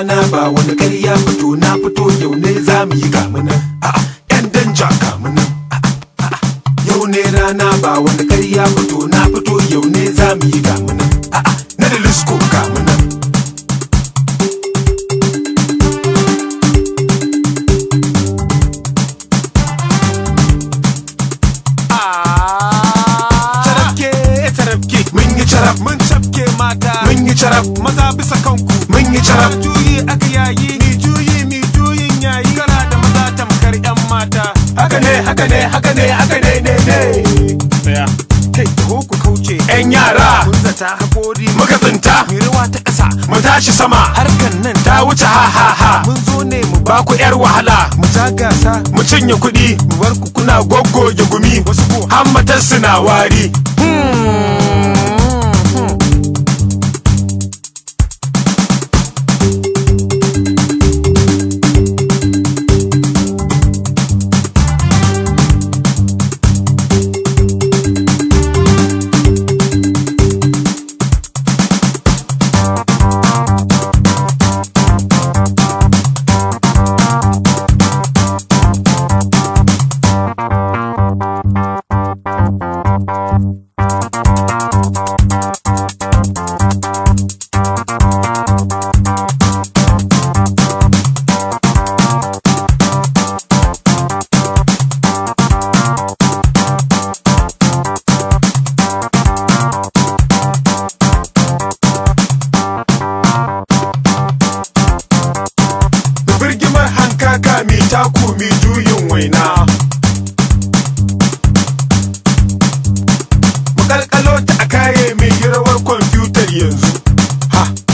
rana ba wani karya fito na fito yau ne za mu yi kamuna a'a yan danja kamuna yau ne rana ba wani karya fito na fito yau ne za mu yi kamuna na da lisko kamuna ah. Mun yi caraf, mun cafke mata. Mun yi caraf, maza bisa kanku. Mun yi caraf. aka yayi mi juyi mi juyin yayi kana da maza tamkar yan mata haka ne haka ne haka ne haka ne ne ne tsaya kai ko ku kauce yan yara kun zata hakori muka tsinta ta kasa mu tashi sama harkan nan ta wuce ha ha ha mun zo ne mu ba ku yar wahala mu ja gasa mu cinye kuɗi mu bar ku kuna goggoge gumi wasu ko hammatar suna wari あ